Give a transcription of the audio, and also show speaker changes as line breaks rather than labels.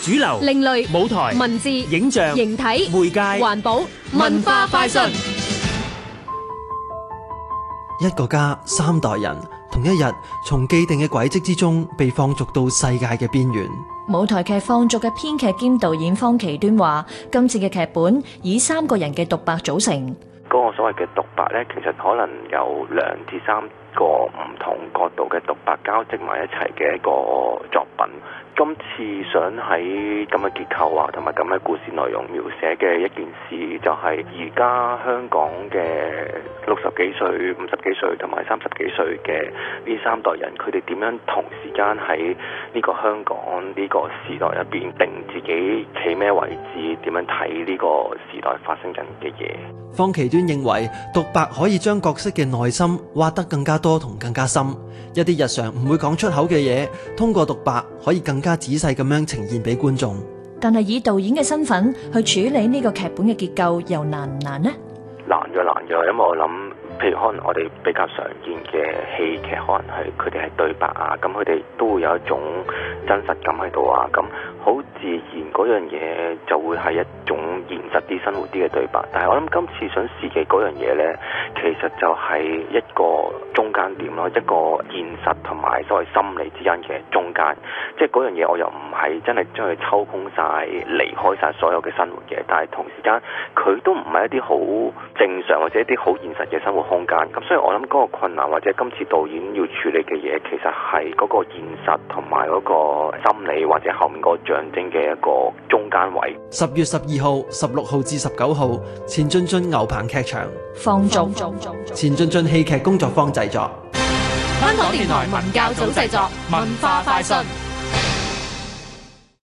主流、另類、舞台、文字、影像、形
體、媒介、環保、文化快訊。一
個家，三代人，同一日，從既定嘅軌跡之中被放逐到世界嘅邊緣。
舞台劇放逐嘅編劇兼導演方其端話，今次嘅劇本以三個人嘅獨白組成。
嗰個所謂嘅獨白咧，其實可能有兩至三個唔同角度嘅獨白交織埋一齊嘅一個作品，今次想喺咁嘅結構啊，同埋咁嘅故事內容描寫嘅一件事，就係而家香港嘅六十幾歲、五十幾歲同埋三十幾歲嘅呢三代人，佢哋點樣同時間喺呢個香港呢個時代入邊定自己企咩位置？點樣睇呢個時代發生緊嘅
嘢？方其端認為獨白可以將角色嘅內心挖得更加。多同更加深，一啲日常唔會講出口嘅嘢，通過獨白可以更加仔細咁樣呈現俾觀眾。
但係以導演嘅身份去處理呢個劇本嘅結構，又難唔難呢？
難咗，難咗，因為我諗，譬如可能我哋比較常見嘅戲劇可能係佢哋係對白啊，咁佢哋都會有一種真實感喺度啊，咁。好自然嗰樣嘢就會係一種現實啲、生活啲嘅對白，但係我諗今次想試嘅嗰樣嘢咧，其實就係一個中間點咯，一個現實同埋所謂心理之間嘅中間，即係嗰樣嘢我又唔係真係將佢抽空晒離開晒所有嘅生活嘅，但係同時間佢都唔係一啲好正常或者一啲好現實嘅生活空間，咁所以我諗嗰個困難或者今次導演要處理嘅嘢，其實係嗰個現實同埋嗰個心理或者後面個象。亮晶嘅一個中間位。
十月十二號、十六號至十九號，前進進牛棚劇場
放縱。
前進進戲劇工作坊製作。
香港電台文教組製作。文化快訊。